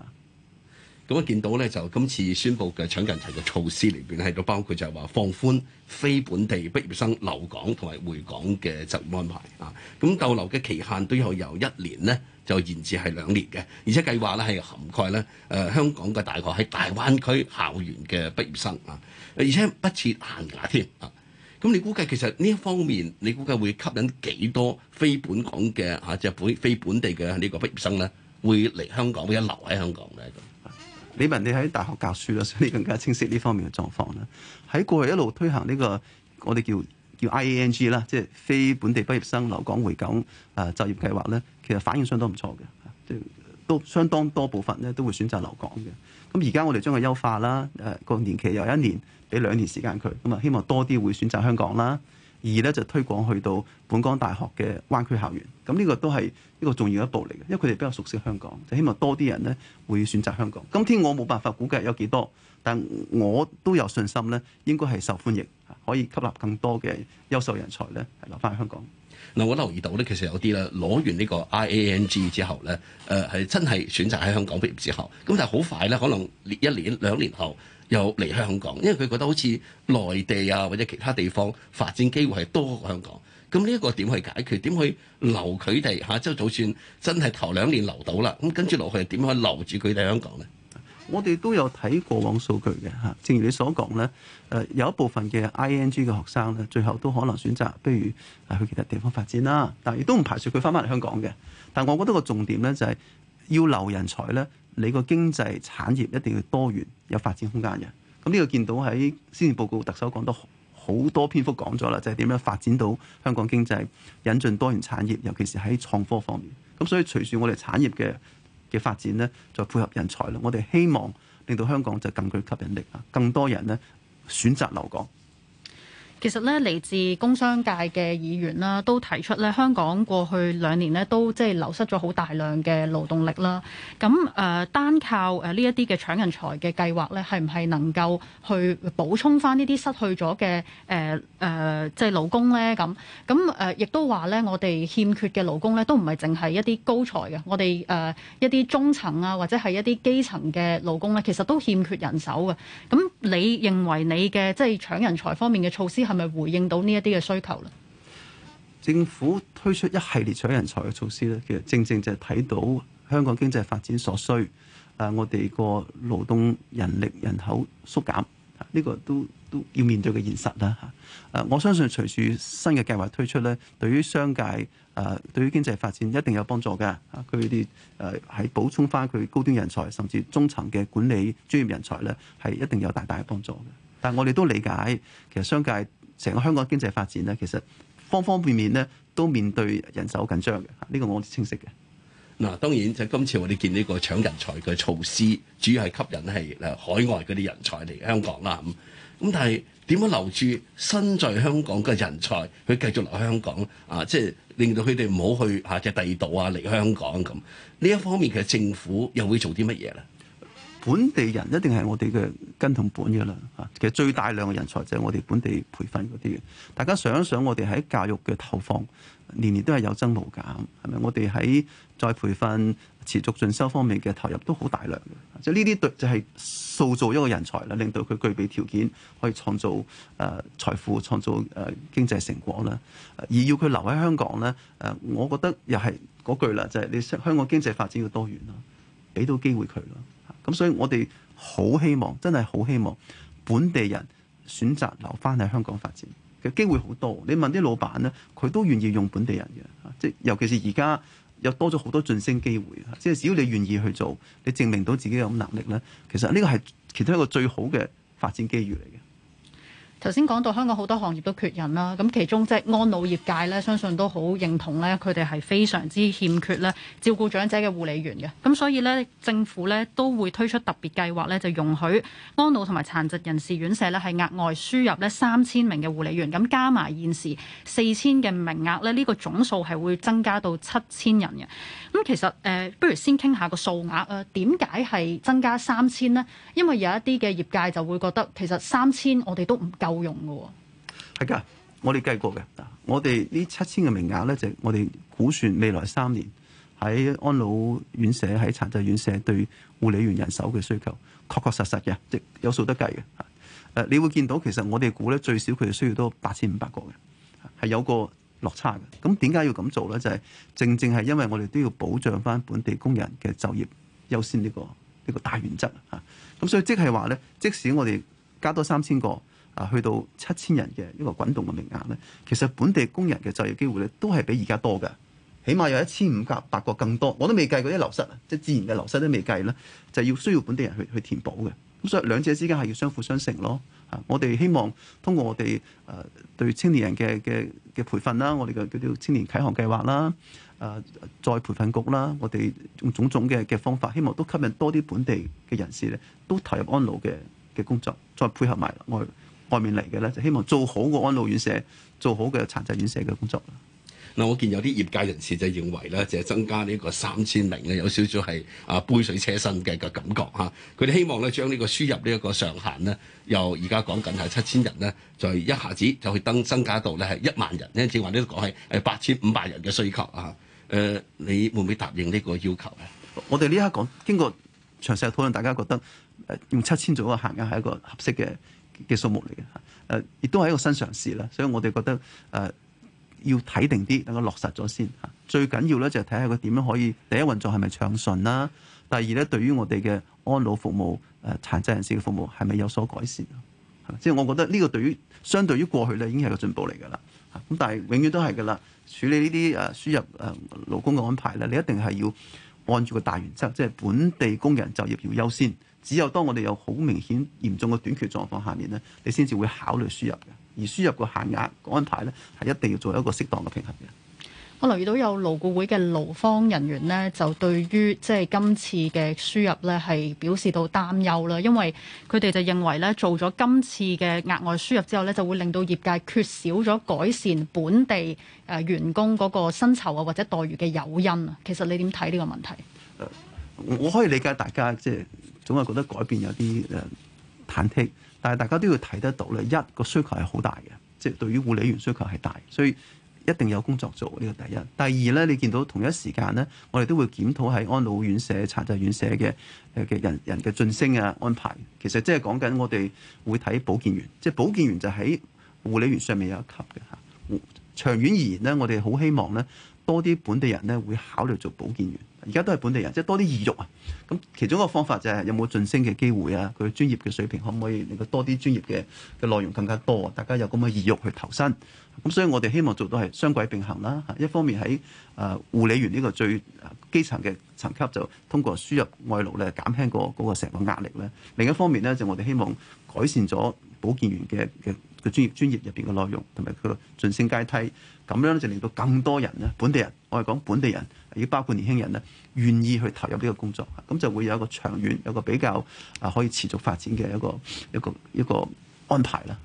咁我見到咧，就今次宣布嘅搶人才嘅措施裏邊係都包括就係話放寬非本地畢業生留港同埋回港嘅就業安排啊。咁逗留嘅期限都要由一年呢，就延至係兩年嘅，而且計劃咧係涵蓋咧誒、呃、香港嘅大學喺大灣區校園嘅畢業生啊，而且不設限額添啊。咁你估計其實呢一方面，你估計會吸引幾多非本港嘅嚇、啊，即係本非本地嘅呢個畢業生咧，會嚟香港會一留喺香港咧？李文，你喺大學教書啊，所以你更加清晰呢方面嘅狀況啦。喺過去一路推行呢、這個我哋叫叫 IANG 啦，即係非本地畢業生留港回港啊、呃、就業計劃咧，其實反應相當唔錯嘅，即、啊、係都相當多部分咧都會選擇留港嘅。咁而家我哋將佢優化啦，誒、呃、個年期又一年。俾兩年時間佢，咁啊希望多啲會選擇香港啦。二咧就推廣去到本港大學嘅灣區校園，咁呢個都係一個重要一步嚟嘅，因為佢哋比較熟悉香港，就希望多啲人咧會選擇香港。今天我冇辦法估計有幾多，但我都有信心咧，應該係受歡迎，可以吸納更多嘅優秀人才咧，留翻香港。嗱，我留意到咧，其實有啲咧攞完呢個 IANG 之後咧，誒係真係選擇喺香港畢業之後，咁但係好快咧，可能一年兩年後。又嚟香港，因為佢覺得好似內地啊或者其他地方發展機會係多過香港。咁呢一個點去解決？點去留佢哋？嚇、啊，即係就算真係頭兩年留到啦，咁、啊、跟住落去點去留住佢哋香港咧？我哋都有睇過往數據嘅嚇，正如你所講咧，誒有一部分嘅 ING 嘅學生咧，最後都可能選擇，不如誒去其他地方發展啦，但係亦都唔排除佢翻返嚟香港嘅。但係我覺得個重點咧就係要留人才咧。你個經濟產業一定要多元，有發展空間嘅。咁呢個見到喺施政報告特首講到好多篇幅講咗啦，就係點樣發展到香港經濟引進多元產業，尤其是喺創科方面。咁所以隨住我哋產業嘅嘅發展呢，再配合人才啦，我哋希望令到香港就更具吸引力啊，更多人呢選擇留港。其實咧，嚟自工商界嘅議員啦，都提出咧，香港過去兩年咧都即係流失咗好大量嘅勞動力啦。咁誒，單靠誒呢一啲嘅搶人才嘅計劃咧，係唔係能夠去補充返呢啲失去咗嘅誒誒，即係勞工咧？咁咁誒，亦都話咧，我哋欠缺嘅勞工咧，都唔係淨係一啲高才嘅，我哋誒一啲中層啊，或者係一啲基層嘅勞工咧，其實都欠缺人手嘅。咁你認為你嘅即係搶人才方面嘅措施，係咪回應到呢一啲嘅需求咧？政府推出一系列取人才嘅措施咧，其實正正就係睇到香港經濟發展所需，誒，我哋個勞動人力人口縮減，呢個都都要面對嘅現實啦吓。誒，我相信隨住新嘅計劃推出咧，對於商界誒，對於經濟發展一定有幫助嘅。佢哋誒喺補充翻佢高端人才，甚至中層嘅管理專業人才咧，係一定有大大嘅幫助嘅。但係我哋都理解，其實商界。成個香港經濟發展咧，其實方方面面咧都面對人手緊張嘅，呢、呢個我清晰嘅。嗱，當然就今次我哋見呢個搶人才嘅措施，主要係吸引係誒海外嗰啲人才嚟香港啦。咁咁，但係點樣留住身在香港嘅人才去繼續留香港？啊，即係令到佢哋唔好去下即、啊、第二度啊嚟香港咁。呢一方面其實政府又會做啲乜嘢咧？本地人一定係我哋嘅根同本嘅啦，啊，其實最大量嘅人才就係我哋本地培訓嗰啲。大家想一想，我哋喺教育嘅投放年年都係有增無減，係咪？我哋喺再培訓持續進修方面嘅投入都好大量嘅，即係呢啲就就係塑造一個人才啦，令到佢具備條件可以創造誒、呃、財富、創造誒、呃、經濟成果啦、呃。而要佢留喺香港咧，誒、呃，我覺得又係嗰句啦，就係、是、你香港經濟發展要多元啦，俾到機會佢啦。咁所以，我哋好希望，真係好希望本地人選擇留翻喺香港發展嘅機會好多。你問啲老闆咧，佢都願意用本地人嘅，即係尤其是而家又多咗好多晉升機會。即係只要你願意去做，你證明到自己有咁能力咧，其實呢個係其中一個最好嘅發展機遇嚟嘅。頭先講到香港好多行業都缺人啦，咁其中即係安老業界咧，相信都好認同咧，佢哋係非常之欠缺咧照顧長者嘅護理員嘅。咁、嗯、所以咧，政府咧都會推出特別計劃咧，就容許安老同埋殘疾人士院舍咧係額外輸入咧三千名嘅護理員。咁加埋現時四千嘅名額咧，呢、呢個總數係會增加到七千人嘅。咁、嗯、其實誒、呃，不如先傾下個數額啊？點解係增加三千呢？因為有一啲嘅業界就會覺得其實三千我哋都唔夠。夠用嘅喎，係噶，我哋計過嘅。我哋呢七千嘅名額咧，就係、我哋估算未來三年喺安老院舍，喺殘疾院舍對護理員人手嘅需求，確確實實嘅，即有數得計嘅。誒、啊，你會見到其實我哋估咧最少佢哋需要都八千五百個嘅，係有個落差嘅。咁點解要咁做咧？就係、係、正正係因為我哋都要保障翻本地工人嘅就業優先呢、呢個呢、呢個大原則啊。咁所以即係話咧，即使我哋加多三千個。啊，去到七千人嘅一個滾動嘅名額咧，其實本地工人嘅就業機會咧都係比而家多嘅，起碼有一千五百八個更多。我都未計過啲流失，即係自然嘅流失都未計啦，就要需要本地人去去填補嘅。咁所以兩者之間係要相輔相成咯。啊，我哋希望通過我哋誒對青年人嘅嘅嘅培訓啦，我哋嘅叫做青年啟航計劃啦，誒再培訓局啦，我哋用種種嘅嘅方法，希望都吸引多啲本地嘅人士咧，都投入安老嘅嘅工作，再配合埋外外面嚟嘅咧，就希望做好個安老院舍，做好嘅殘疾院舍嘅工作。嗱，我見有啲業界人士就認為咧，就係增加呢個三千零嘅，有少少係啊杯水車薪嘅個感覺嚇。佢哋希望咧將呢個輸入呢一個上限咧，由而家講緊係七千人咧，就係一下子就去登增加到咧係一萬人，正話呢度講係八千五百人嘅需求啊。誒、呃，你會唔會答應呢個要求咧？我哋呢一刻講經過詳細討論，大家覺得誒用七千做個限額係一個合適嘅。嘅數目嚟嘅，誒亦都係一個新嘗試啦，所以我哋覺得誒、呃、要睇定啲，等佢落實咗先。最緊要咧就係睇下佢點樣可以第一運作係咪暢順啦，第二咧對於我哋嘅安老服務誒、呃、殘疾人士嘅服務係咪有所改善？係，即係我覺得呢個對於相對於過去咧已經係個進步嚟㗎啦。咁但係永遠都係㗎啦，處理呢啲誒輸入誒勞工嘅安排咧，你一定係要按住個大原則，即、就、係、是、本地工人就業要優先。只有當我哋有好明顯嚴重嘅短缺狀況下面呢，你先至會考慮輸入嘅。而輸入嘅限額安排呢，係一定要做一個適當嘅平衡嘅。我留意到有勞顧會嘅勞方人員呢，就對於即係今次嘅輸入呢，係表示到擔憂啦，因為佢哋就認為呢，做咗今次嘅額外輸入之後呢，就會令到業界缺少咗改善本地誒員工嗰個薪酬啊或者待遇嘅誘因啊。其實你點睇呢個問題？我可以理解大家即係總係覺得改變有啲誒忐忑，但係大家都要睇得到咧，一個需求係好大嘅，即係對於護理員需求係大，所以一定有工作做，呢個第一。第二咧，你見到同一時間咧，我哋都會檢討喺安老院舍、殘疾院舍嘅誒嘅人人嘅晉升啊安排。其實即係講緊我哋會睇保健員，即係保健員就喺護理員上面有一級嘅吓。長遠而言咧，我哋好希望咧多啲本地人咧會考慮做保健員。而家都係本地人，即係多啲意欲啊！咁其中一個方法就係有冇晉升嘅機會啊？佢專業嘅水平可唔可以令到多啲專業嘅嘅內容更加多啊？大家有咁嘅意欲去投身，咁所以我哋希望做到係雙軌並行啦。一方面喺誒護理員呢個最基層嘅層級，就通過輸入外勞咧，減輕個嗰成個壓力咧；另一方面咧就我哋希望改善咗保健員嘅嘅嘅專業專業入邊嘅內容同埋佢個晉升階梯，咁樣就令到更多人咧，本地人，我係講本地人。要包括年輕人咧，願意去投入呢個工作，咁就會有一個長遠、有一個比較啊，可以持續發展嘅一個一個一個安排啦。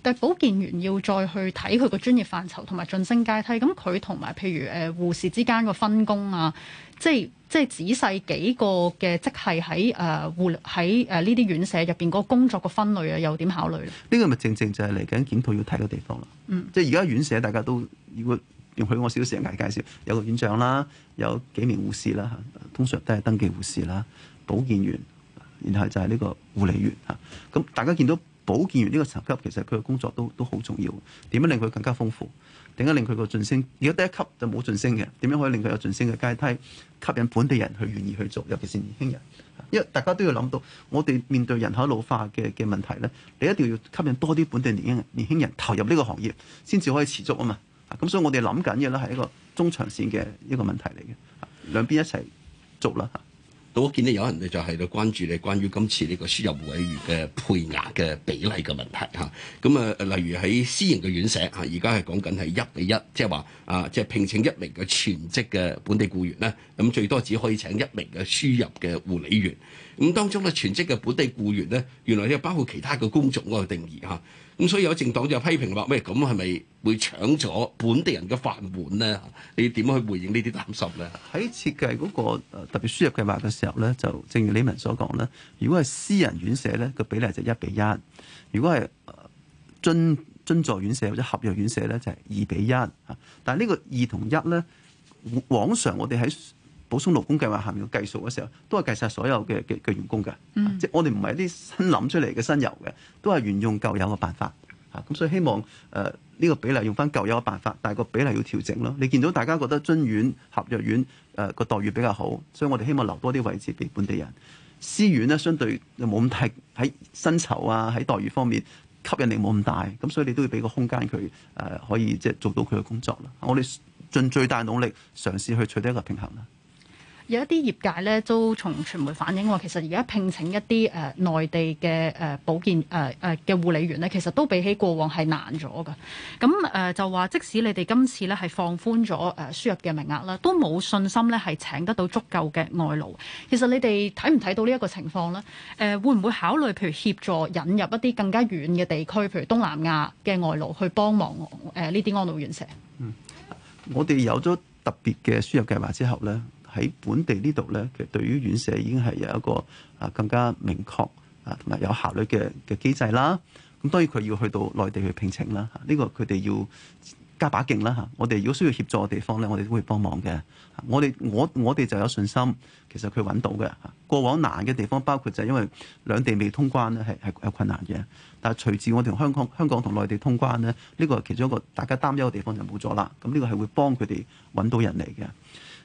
但保健員要再去睇佢個專業範疇同埋晉升階梯，咁佢同埋譬如誒護士之間個分工啊，即係即係仔細幾個嘅即係喺誒護喺誒呢啲院舍入邊嗰個工作個分類啊，又點考慮咧？呢個咪正正就係嚟緊檢討要睇嘅地方啦。嗯，即係而家院舍大家都如容許我少少人介紹，有個院長啦，有幾名護士啦，通常都係登記護士啦、保健員，然後就係呢個護理員嚇。咁、啊、大家見到保健員呢個層級，其實佢嘅工作都都好重要。點樣令佢更加豐富？點樣令佢個晉升？如果第一級就冇晉升嘅，點樣可以令佢有晉升嘅階梯？吸引本地人去願意去做，尤其是年輕人，因為大家都要諗到，我哋面對人口老化嘅嘅問題咧，你一定要吸引多啲本地年輕年輕人投入呢個行業，先至可以持續啊嘛。咁所以我哋諗緊嘅咧係一個中長線嘅一個問題嚟嘅，兩邊一齊做啦嚇。到我見到有人咧就係咧關注你關於今次呢個輸入護理員嘅配額嘅比例嘅問題嚇。咁啊，例如喺私營嘅院舍嚇，而家係講緊係一比一，即係話啊，1 1，即係聘、啊就係、請一名嘅全職嘅本地雇員咧，咁最多只可以請一名嘅輸入嘅護理員。咁當中咧全職嘅本地雇員咧，原來咧包括其他嘅工作嗰個定義嚇。啊咁所以有政黨就批評話：喂，咁係咪會搶咗本地人嘅飯碗咧？你點樣去回應呢啲擔心咧？喺設計嗰個特別輸入計劃嘅時候咧，就正如李文所講咧，如果係私人院舍咧，個比例就一比一；如果係津津助院舍或者合約院舍咧，就係二比一。但係呢個二同一咧，往常我哋喺補充勞工計劃下面嘅計數嘅時候，都係計晒所有嘅嘅嘅員工嘅、mm. 啊，即係我哋唔係一啲新諗出嚟嘅新遊嘅，都係沿用舊有嘅辦法嚇。咁、啊嗯、所以希望誒呢、呃這個比例用翻舊有嘅辦法，但係個比例要調整咯。你見到大家覺得津院、合約院誒個待遇比較好，所以我哋希望留多啲位置俾本地人。私院咧，相對冇咁大喺薪酬啊，喺待遇方面吸引力冇咁大，咁、嗯、所以你都要俾個空間佢誒、呃、可以即係、呃就是、做到佢嘅工作啦、啊。我哋盡最大努力嘗試去取得一個平衡啦、啊。有一啲業界咧都從傳媒反映話，其實而家聘請一啲誒內地嘅誒保健誒誒嘅護理員咧，其實都比起過往係難咗㗎。咁、嗯、誒、呃、就話，即使你哋今次咧係放寬咗誒輸入嘅名額啦，都冇信心咧係請得到足夠嘅外勞。其實你哋睇唔睇到呢一個情況咧？誒、呃、會唔會考慮譬如協助引入一啲更加遠嘅地區，譬如東南亞嘅外勞去幫忙誒呢啲安老院舍？嗯，我哋有咗特別嘅輸入計劃之後咧。喺本地呢度咧，其實對於院舍已經係有一個啊更加明確啊同埋有效率嘅嘅機制啦。咁當然佢要去到內地去聘請啦，呢個佢哋要加把勁啦嚇。我哋如果需要協助嘅地方咧，我哋都會幫忙嘅。我哋我我哋就有信心，其實佢揾到嘅。過往難嘅地方，包括就係因為兩地未通關咧，係係有困難嘅。但係隨住我哋香港香港同內地通關咧，呢個係其中一個大家擔憂嘅地方就冇咗啦。咁呢個係會幫佢哋揾到人嚟嘅。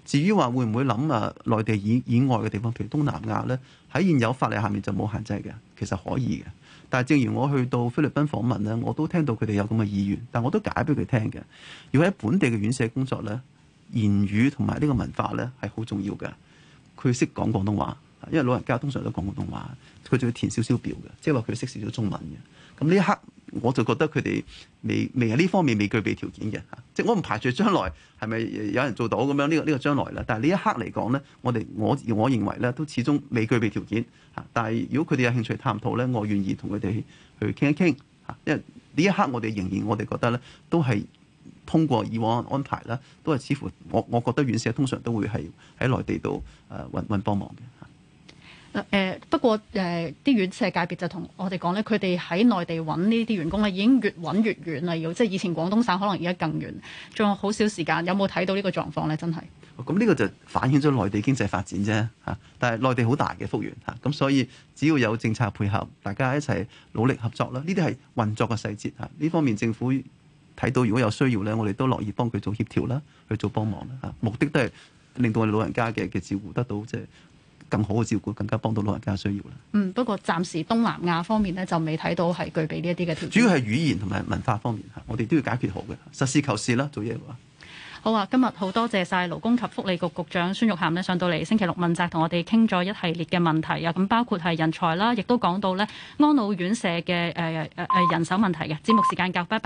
至於話會唔會諗啊？內地以以外嘅地方，譬如東南亞咧，喺現有法例下面就冇限制嘅，其實可以嘅。但係，正如我去到菲律賓訪問咧，我都聽到佢哋有咁嘅意願，但我都解俾佢聽嘅。如果喺本地嘅院舍工作咧，言語同埋呢個文化咧係好重要嘅。佢識講廣東話，因為老人家通常都講廣東話。佢仲要填少少表嘅，即係話佢識少少中文嘅。咁呢一刻。我就覺得佢哋未未喺呢方面未具備條件嘅嚇，即係我唔排除將來係咪有人做到咁樣，呢個呢個將來啦。但係呢一刻嚟講咧，我哋我我認為咧都始終未具備條件嚇。但係如果佢哋有興趣探討咧，我願意同佢哋去傾一傾嚇。因為呢一刻我哋仍然我哋覺得咧都係通過以往安排啦，都係似乎我我覺得院舍通常都會係喺內地度誒揾揾幫忙嘅。誒不過誒啲院舍界別就同我哋講咧，佢哋喺內地揾呢啲員工啊，已經越揾越遠啦，要即係以前廣東省可能而家更遠，仲有好少時間。有冇睇到呢個狀況咧？真係咁呢個就反映咗內地經濟發展啫嚇、啊，但係內地好大嘅幅員，嚇，咁所以只要有政策配合，大家一齊努力合作啦。呢啲係運作嘅細節嚇，呢、啊、方面政府睇到如果有需要咧，我哋都樂意幫佢做協調啦，去做幫忙啦嚇、啊。目的都係令到我哋老人家嘅嘅照顧得到即係。更好嘅照顧，更加幫到老人家嘅需要啦。嗯，不過暫時東南亞方面呢，就未睇到係具備呢一啲嘅條件。主要係語言同埋文化方面嚇，我哋都要解決好嘅，實事求是啦，做嘢。好啊，今日好多謝晒勞工及福利局局長孫玉菡咧，上到嚟星期六問責，同我哋傾咗一系列嘅問題啊，咁包括係人才啦，亦都講到呢安老院舍嘅誒誒誒人手問題嘅。節目時間夠，拜拜。